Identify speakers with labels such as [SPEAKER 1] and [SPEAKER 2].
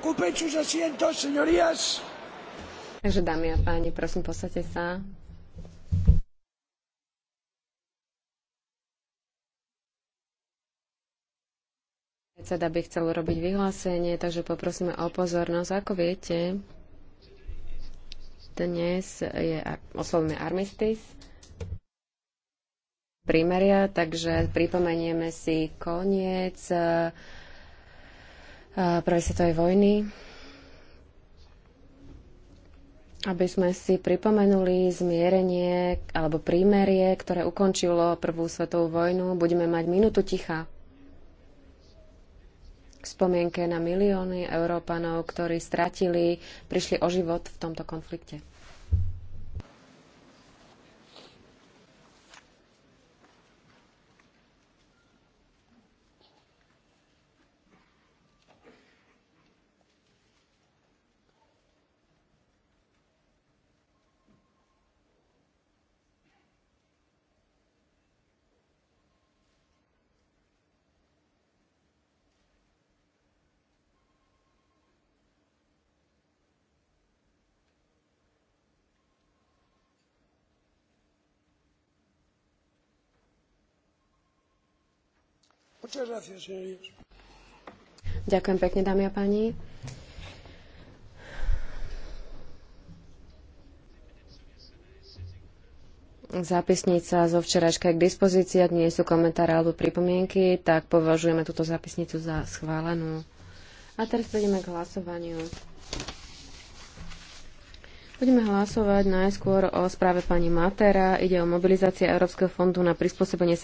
[SPEAKER 1] Ocupen sus asientos, señorías. Takže dámy a páni, prosím, posaďte sa. Predseda by chcel urobiť vyhlásenie, takže poprosíme o pozornosť. Ako viete, dnes je oslovný armistice prímeria, takže pripomenieme si koniec prvej svetovej vojny, aby sme si pripomenuli zmierenie alebo prímerie, ktoré ukončilo prvú svetovú vojnu. Budeme mať minútu ticha k spomienke na milióny Európanov, ktorí stratili, prišli o život v tomto konflikte.
[SPEAKER 2] Ďakujem pekne, dámy a páni.
[SPEAKER 1] Zápisnica zo včerajška je k dispozícii. Ak nie sú komentáre alebo pripomienky, tak považujeme túto zápisnicu za schválenú. A teraz prejdeme k hlasovaniu. Budeme hlasovať najskôr o správe pani Matera. Ide o mobilizáciu Európskeho fondu na prispôsobenie